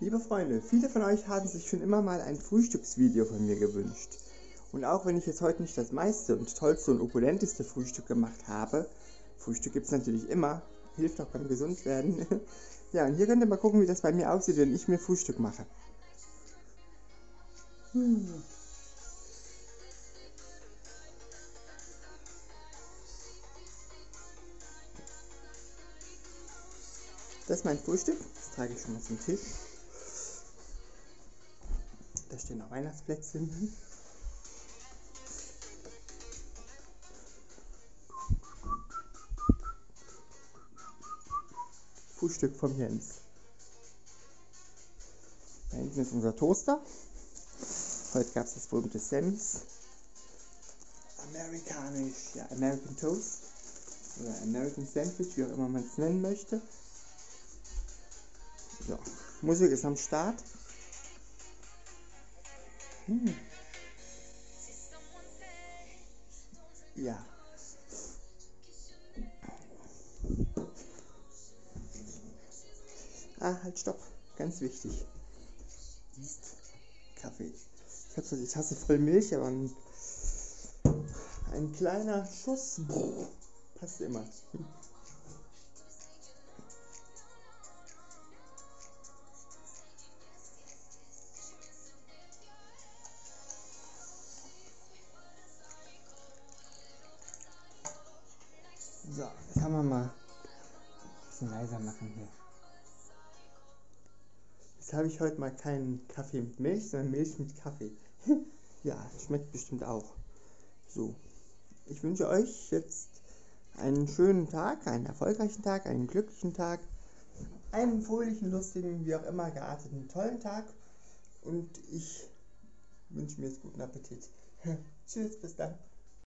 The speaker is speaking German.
Liebe Freunde, viele von euch haben sich schon immer mal ein Frühstücksvideo von mir gewünscht. Und auch wenn ich jetzt heute nicht das meiste und tollste und opulenteste Frühstück gemacht habe, Frühstück gibt es natürlich immer, hilft auch beim Gesundwerden. ja, und hier könnt ihr mal gucken, wie das bei mir aussieht, wenn ich mir Frühstück mache. Hm. Das ist mein Frühstück. Das trage ich schon mal zum Tisch. Da stehen noch Weihnachtsplätzchen. Frühstück vom Jens. Da hinten ist unser Toaster. Heute gab es das berühmte Sammys. Amerikanisch, ja, American Toast oder American Sandwich, wie auch immer man es nennen möchte. So, Musik ist am Start. Hm. Ja. Ah, halt, stopp. Ganz wichtig. Kaffee. Ich habe so die Tasse voll Milch, aber ein, ein kleiner Schuss passt immer. So, jetzt haben wir mal ein bisschen leiser machen hier. Jetzt habe ich heute mal keinen Kaffee mit Milch, sondern Milch mit Kaffee. ja, schmeckt bestimmt auch. So, ich wünsche euch jetzt einen schönen Tag, einen erfolgreichen Tag, einen glücklichen Tag, einen fröhlichen, lustigen, wie auch immer gearteten, tollen Tag. Und ich wünsche mir jetzt guten Appetit. Tschüss, bis dann.